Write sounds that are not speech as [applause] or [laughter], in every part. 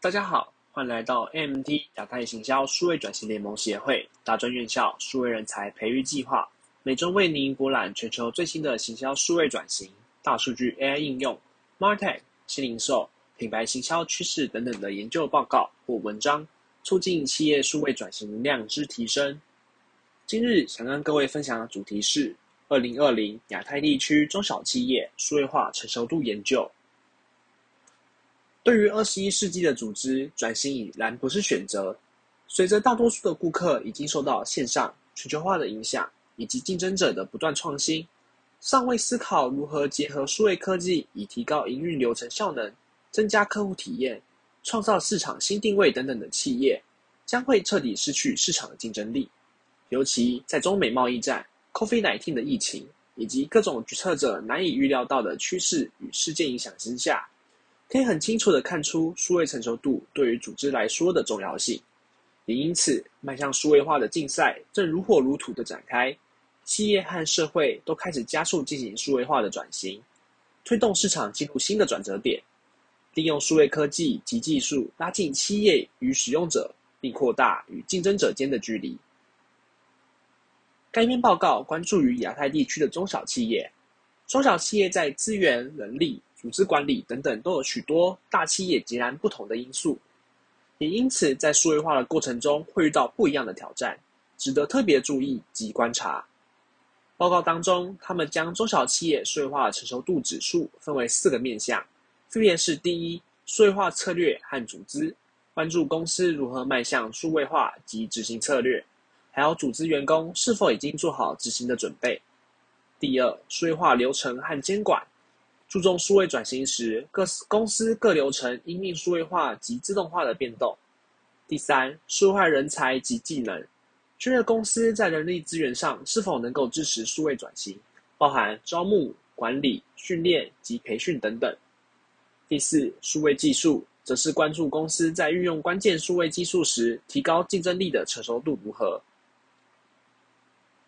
大家好，歡迎來到 AMT 亞太行銷數位轉型聯盟協會大專院校數位人才培育計劃，每周為您博覽全球最新的行銷數位轉型、大數據 AI 應用、MarTech 新零售、品牌行銷趨勢等等的研究報告或文章，促進企業數位轉型量之提升。今日想跟各位分享的主題是二零二零亞太地區中小企業數位化成熟度研究。對於二十一世紀的組織，轉型已然不是選擇。隨着大多數的顧客已經受到線上全球化的影響，以及競爭者的不斷創新，尚未思考如何結合數位科技以提高營運流程效能、增加客戶體驗、創造市場新定位等等的企業，將會徹底失去市場的競爭力。尤其在中美貿易戰、 [coughs] COVID-19 的疫情以及各種決策者難以預料到的趨勢與事件影響之下。可以很清楚的看出，數位成熟度對於組織來說的重要性，也因此，邁向數位化的競賽正如火如荼的展開，企業和社會都開始加速進行數位化的轉型，推動市場進入新的轉折點，利用數位科技及技術拉近企業與使用者，並擴大與競爭者間的距離。該篇報告關注於亞太地區的中小企業，中小企業在資源能力。組織管理等等都有許多大企業截然不同的因素，也因此在數位化的過程中會遇到不一樣的挑戰，值得特別注意及觀察。報告當中，他們將中小企業數位化成熟度指數分為四個面向，分別是第一，數位化策略和組織，關注公司如何邁向數位化及執行策略，還有組織員工是否已經做好執行的準備。第二，數位化流程和監管。注重數位轉型時，各公司各流程因應數位化及自動化的變動。第三，數位化人才及技能，確認公司在人力資源上是否能夠支持數位轉型，包含招募、管理、訓練及培訓等等。第四，數位技術，則是關注公司在運用關鍵數位技術時，提高競爭力的成熟度如何。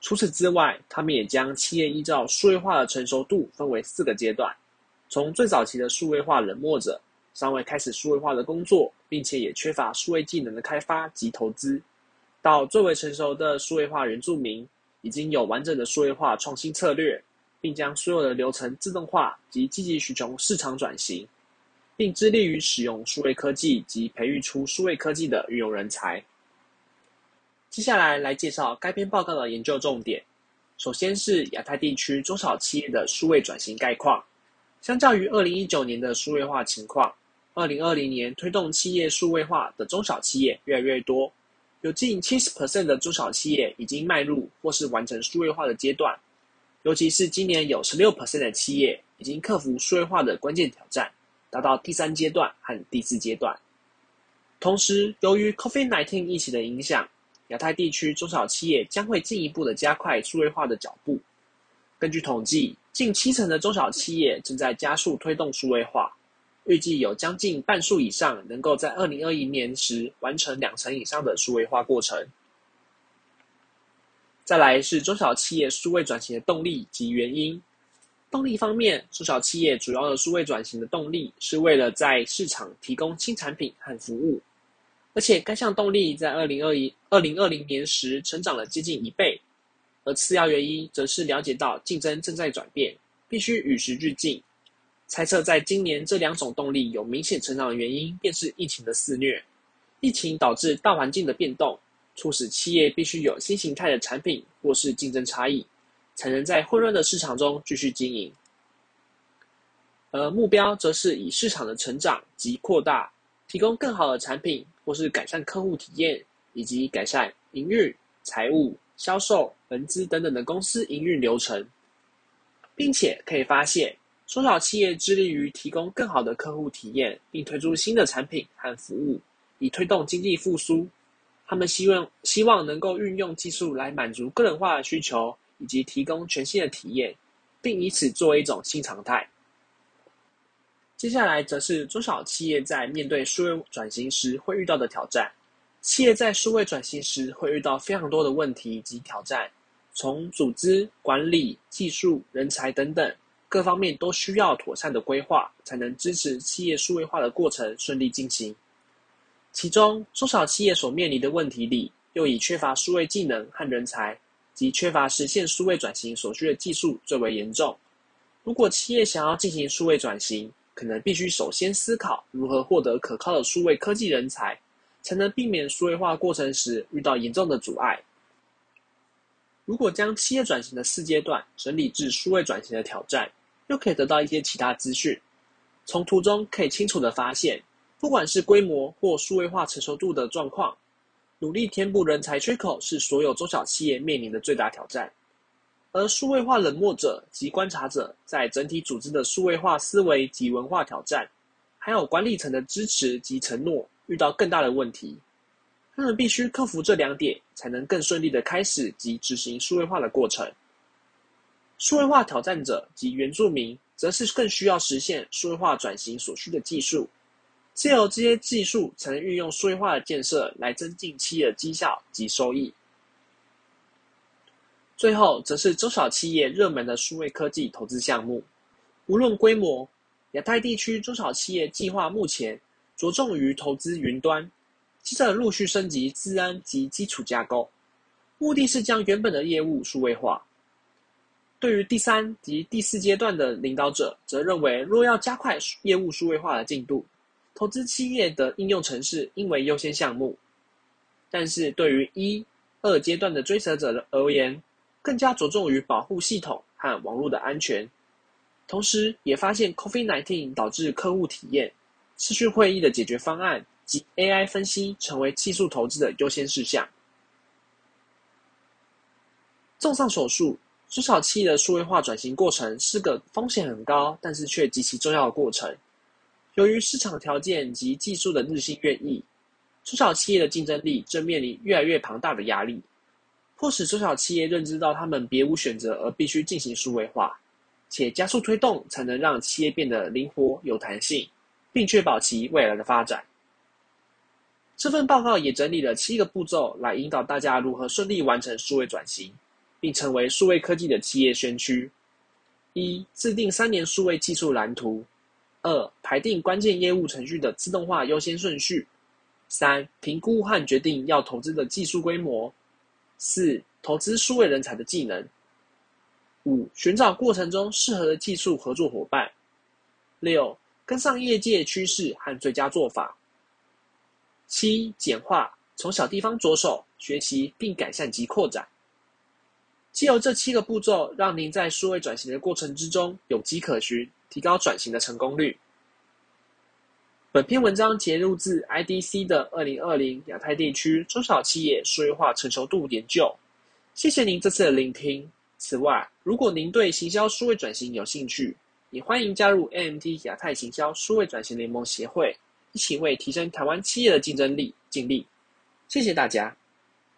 除此之外，他們也將企業依照數位化的成熟度分為四個階段。從最早期的數位化冷漠者，尚未開始數位化的工作，並且也缺乏數位技能的開發及投資，到最為成熟的數位化原住民，已經有完整的數位化創新策略，並將所有的流程自動化及積極尋求市場轉型，並致力於使用數位科技及培育出數位科技的運用人才。接下來來介紹該篇報告的研究重點，首先是亞太地區中小企業的數位轉型概況。相較於二零一九年的數位化情況，二零二零年推動企業數位化的中小企業越來越多，有近七十%的中小企業已經邁入或是完成數位化的階段。尤其是今年有十六%的企業已經克服數位化的關鍵挑戰，達到第三階段和第四階段。同時，由於 COVID nineteen 疫情的影響，亞太地區中小企業將會進一步的加快數位化的腳步。根據統計，近七成的中小企業正在加速推動數位化，預計有將近半數以上能夠在二零二一年時完成兩成以上的數位化過程。再來是中小企業數位轉型的動力及原因。動力方面，中小企業主要的數位轉型的動力是為了在市場提供新產品和服務，而且該項動力在二零二一、二零二零年時成長了接近一倍。而次要原因則是了解到競爭正在轉變，必須與時俱進。猜測在今年這兩種動力有明顯成長的原因，便是疫情的肆虐。疫情導致大環境的變動，促使企業必須有新形態的產品或是競爭差異，才能在混亂的市場中繼續經營。而目標則是以市場的成長及擴大、提供更好的產品或是改善客戶體驗，以及改善營運財務。銷售、人資等等的公司營運流程，並且可以發現，中小企業致力於提供更好的客戶體驗，並推出新的產品和服務，以推動經濟復甦。他們希望希望能夠運用技術來滿足個人化的需求，以及提供全新的體驗，並以此作為一種新常態。接下來則是中小企業在面對數位轉型時會遇到的挑戰。企業在數位轉型時會遇到非常多的問題以及挑戰，從組織、管理、技術、人才等等各方面都需要妥善的規劃，才能支持企業數位化的過程順利進行。其中，中小企業所面臨的問題裡，又以缺乏數位技能和人才，及缺乏實現數位轉型所需的技術最為嚴重。如果企業想要進行數位轉型，可能必須首先思考如何獲得可靠的數位科技人才。才能避免數位化過程時遇到嚴重的阻礙。如果將企業轉型的四階段整理至數位轉型的挑戰，又可以得到一些其他資訊。從圖中可以清楚地發現，不管是規模或數位化成熟度的狀況，努力填補人才缺口是所有中小企業面臨的最大挑戰。而數位化冷漠者及觀察者在整體組織的數位化思維及文化挑戰，還有管理層的支持及承諾遇到更大的問題，他們必須克服這兩點，才能更順利的開始及執行數位化的過程。數位化挑戰者及原住民，則是更需要實現數位化轉型所需的技術，藉由這些技術，才能運用數位化的建設來增進企業的績效及收益。最後，則是中小企業熱門的數位科技投資項目，無論規模，亞太地區中小企業計劃目前。着重於投資雲端，接着陸續升級資安及基礎架構，目的是將原本的業務數位化。對於第三及第四階段的領導者，則認為若要加快業務數位化的進度，投資企業的應用程式應為優先項目。但是對於一、二階段的追隨者而言，更加着重於保護系統和網絡的安全，同時也發現 COVID-19 導致客戶體驗。視訊會議的解決方案及 AI 分析成為技術投資的優先事項。綜上所述，中小企業的數位化轉型過程是個風險很高，但是卻極其重要的過程。由於市場條件及技術的日新月異，中小企業的競爭力正面臨越來越龐大的壓力，迫使中小企業認知到他們別無選擇，而必須進行數位化，且加速推動，才能讓企業變得靈活有彈性，並確保其未來的發展。這份報告也整理了七個步驟，來引導大家如何順利完成數位轉型，並成為數位科技的企業先驅：一、制定三年數位技術藍圖；二、排定關鍵業務程序的自動化優先順序；三、評估和決定要投資的技術規模；四、投資數位人才的技能；五、尋找過程中適合的技術合作夥伴；六、跟上業界趨勢和最佳做法。七、簡化，從小地方着手學習並改善及擴展。藉由這七個步驟，讓您在數位轉型的過程之中有跡可循，提高轉型的成功率。本篇文章節錄自 IDC 的《二零二零亞太地區中小企業數位化成熟度研究》。謝謝您這次的聆聽。此外，如果您對行銷數位轉型有興趣，也歡迎加入 AMT 亞太行銷數位轉型聯盟協會，一起為提升台灣企業的競爭力盡力。謝謝大家。